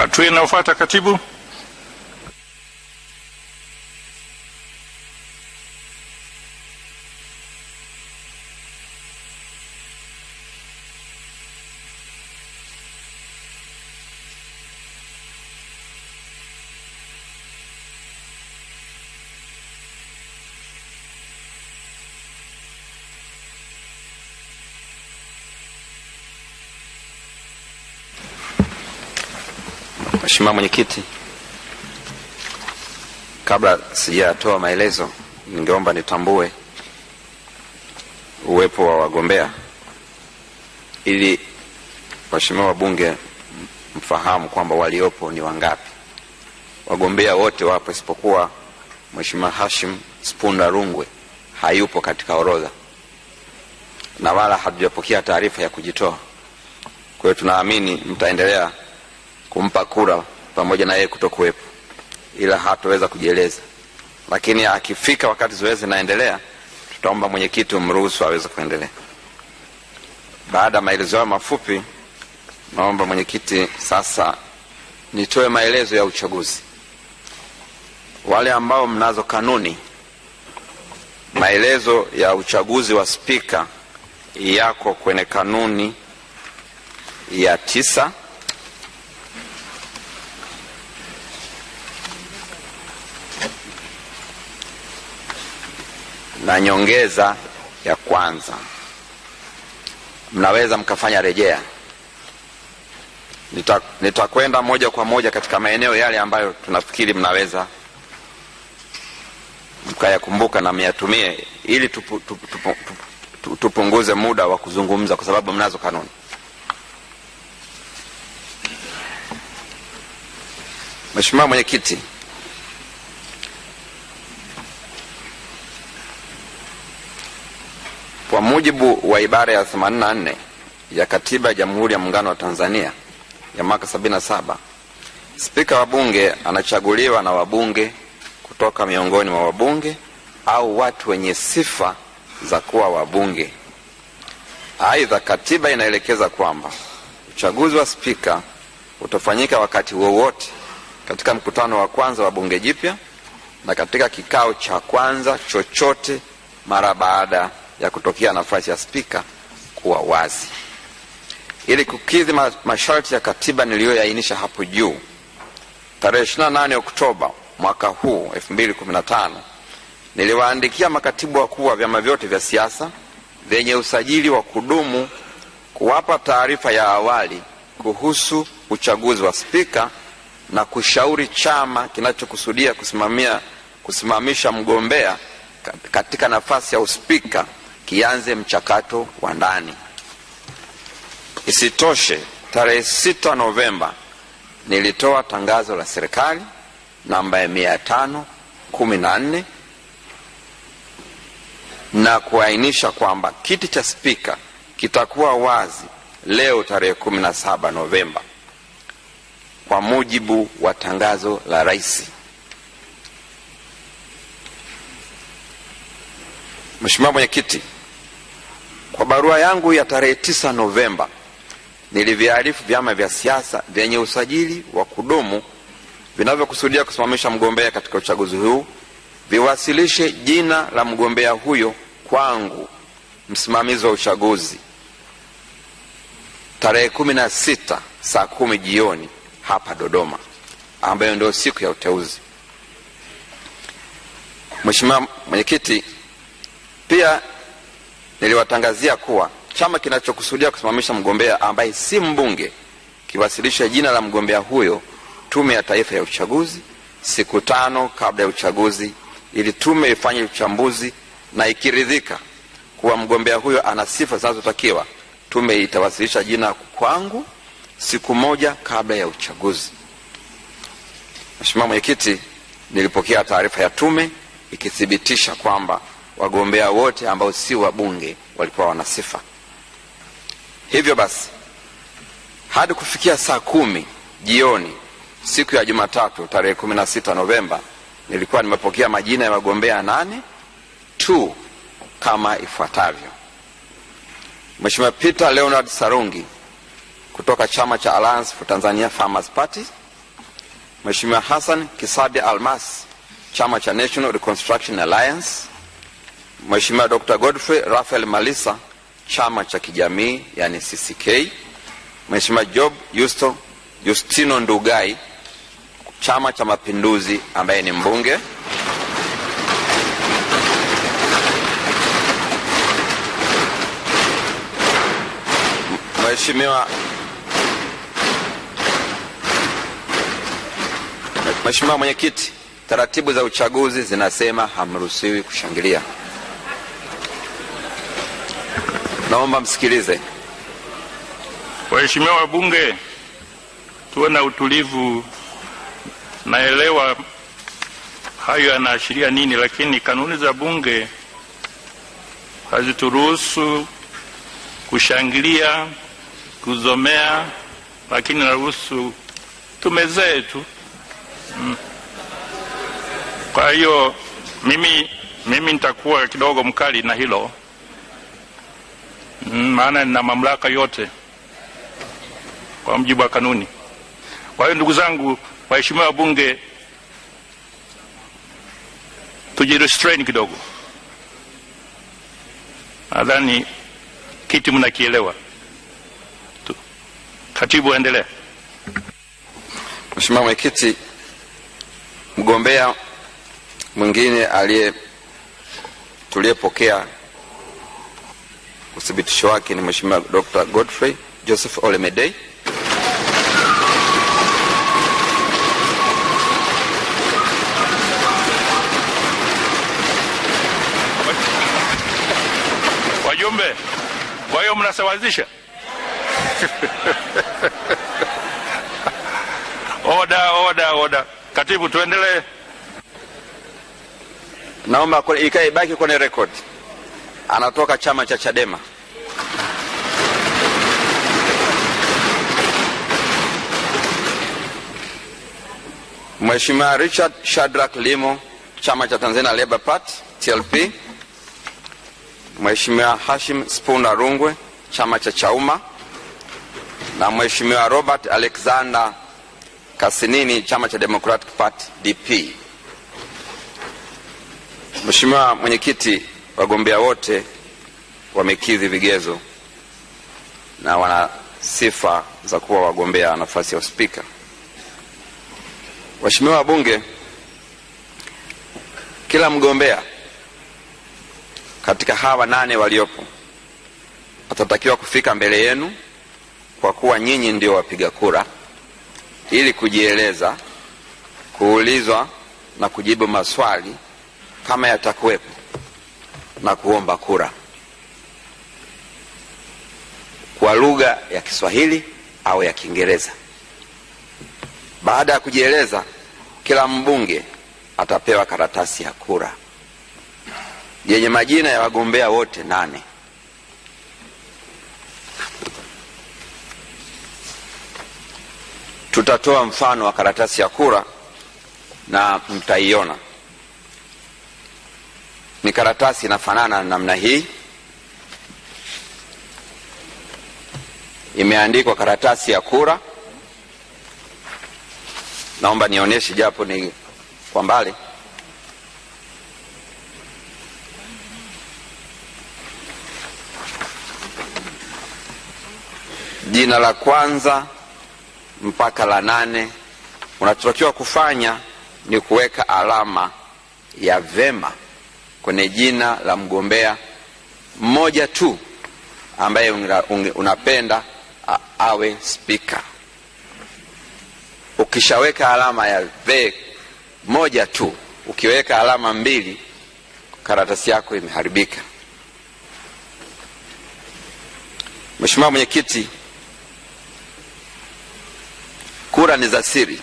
hatua inayofuata katibu Mheshimiwa Mwenyekiti, kabla sijatoa maelezo, ningeomba nitambue uwepo wa wagombea ili waheshimiwa wabunge mfahamu kwamba waliopo ni wangapi. Wagombea wote wapo isipokuwa Mheshimiwa Hashim Spunda Rungwe hayupo katika orodha na wala hatujapokea taarifa ya kujitoa. Kwa hiyo tunaamini mtaendelea kumpa kura pamoja na yeye kutokuwepo, ila hatoweza kujieleza. Lakini akifika wakati zoezi linaendelea, tutaomba mwenyekiti umruhusu aweze kuendelea. Baada ya maelezo hayo mafupi, naomba mwenyekiti sasa nitoe maelezo ya uchaguzi. Wale ambao mnazo kanuni, maelezo ya uchaguzi wa spika yako kwenye kanuni ya tisa na nyongeza ya kwanza, mnaweza mkafanya rejea. Nitakwenda nita moja kwa moja katika maeneo yale ambayo tunafikiri mnaweza mkayakumbuka na myatumie ili tupu, tupu, tupu, tupu, tupunguze muda wa kuzungumza kwa sababu mnazo kanuni. Mheshimiwa Mwenyekiti, Kwa mujibu wa ibara ya 84 ya Katiba ya Jamhuri ya Muungano wa Tanzania ya mwaka 77, spika wa bunge anachaguliwa na wabunge kutoka miongoni mwa wabunge au watu wenye sifa za kuwa wabunge. Aidha, katiba inaelekeza kwamba uchaguzi wa spika utafanyika wakati wowote katika mkutano wa kwanza wa bunge jipya na katika kikao cha kwanza chochote mara baada ya kutokea nafasi ya spika kuwa wazi. Ili kukidhi masharti ya katiba niliyoyainisha hapo juu, tarehe 28 Oktoba mwaka huu 2015 niliwaandikia makatibu wakuu wa vyama vyote vya siasa vyenye usajili wa kudumu kuwapa taarifa ya awali kuhusu uchaguzi wa spika na kushauri chama kinachokusudia kusimamia kusimamisha mgombea katika nafasi ya uspika kianze mchakato wa ndani. Isitoshe, tarehe sita Novemba nilitoa tangazo la serikali namba ya mia tano kumi na nne na kuainisha kwamba kiti cha spika kitakuwa wazi leo tarehe saba Novemba kwa mujibu wa tangazo la rais. Mheshimiwa Mwenyekiti, barua yangu ya tarehe tisa Novemba niliviarifu vyama vya siasa vyenye usajili wa kudumu vinavyokusudia kusimamisha mgombea katika uchaguzi huu viwasilishe jina la mgombea huyo kwangu, msimamizi wa uchaguzi, tarehe kumi na sita saa kumi jioni hapa Dodoma, ambayo ndio siku ya uteuzi. Mheshimiwa Mwenyekiti, pia niliwatangazia kuwa chama kinachokusudia kusimamisha mgombea ambaye si mbunge kiwasilishe jina la mgombea huyo Tume ya Taifa ya Uchaguzi siku tano kabla ya uchaguzi, ili tume ifanye uchambuzi na ikiridhika kuwa mgombea huyo ana sifa zinazotakiwa, tume itawasilisha jina kwangu siku moja kabla ya uchaguzi. Mheshimiwa Mwenyekiti, nilipokea taarifa ya tume ikithibitisha kwamba wagombea wote ambao si wabunge walikuwa wana sifa. Hivyo basi hadi kufikia saa kumi jioni siku ya Jumatatu tarehe kumi na sita Novemba nilikuwa nimepokea majina ya wagombea nane tu kama ifuatavyo: Mheshimiwa Peter Leonard Sarungi kutoka chama cha Alliance for Tanzania Farmers Party, mweshimiwa Hassan kisadi Almas chama cha National Reconstruction Alliance, Mheshimiwa Dr. Godfrey Rafael Malisa chama cha kijamii yani CCK, Mheshimiwa Job Justo Justino Ndugai chama cha mapinduzi ambaye ni mbunge, Mheshimiwa Mheshimiwa mwenyekiti, taratibu za uchaguzi zinasema hamruhusiwi kushangilia. Naomba msikilize. Waheshimiwa wabunge, tuwe na utulivu. Naelewa hayo yanaashiria nini, lakini kanuni za bunge hazituruhusu kushangilia, kuzomea, lakini naruhusu tumezee tu. Mm. Kwa hiyo mimi, mimi nitakuwa kidogo mkali na hilo Mm, maana nina mamlaka yote kwa mjibu wa kanuni. Kwa hiyo ndugu zangu, waheshimiwa wabunge, tujirestrain kidogo, nadhani kiti mnakielewa. Katibu, endelea. Mheshimiwa Mwenyekiti, mgombea mwingine aliye tuliyepokea Uthibitisho wake ni Mheshimiwa Dr. Godfrey Joseph Ole Wajumbe, kwa hiyo mnasawazisha? Oda, oda, oda. Katibu, tuendelee. Naomba ikae ibaki kwenye rekodi anatoka chama cha Chadema. Mheshimiwa Richard Shadrack Limo, chama cha Tanzania Labour Party TLP. Mheshimiwa Hashim spuna Rungwe, chama cha Chauma, na Mheshimiwa Robert Alexander Kasinini, chama cha Democratic Party DP. Mheshimiwa Mwenyekiti Wagombea wote wamekidhi vigezo na wana sifa za kuwa wagombea nafasi ya uspika. Waheshimiwa wabunge, kila mgombea katika hawa nane waliopo atatakiwa kufika mbele yenu kwa kuwa nyinyi ndio wapiga kura, ili kujieleza, kuulizwa na kujibu maswali kama yatakuwepo na kuomba kura kwa lugha ya Kiswahili au ya Kiingereza. Baada ya kujieleza, kila mbunge atapewa karatasi ya kura yenye majina ya wagombea wote nane. Tutatoa mfano wa karatasi ya kura na mtaiona ni karatasi inafanana na namna hii imeandikwa karatasi ya kura naomba nionyeshe japo ni kwa mbali jina la kwanza mpaka la nane unachotakiwa kufanya ni kuweka alama ya vema kwenye jina la mgombea mmoja tu ambaye unapenda awe spika. Ukishaweka alama ya ve moja tu, ukiweka alama mbili, karatasi yako imeharibika. Mheshimiwa Mwenyekiti, kura ni za siri.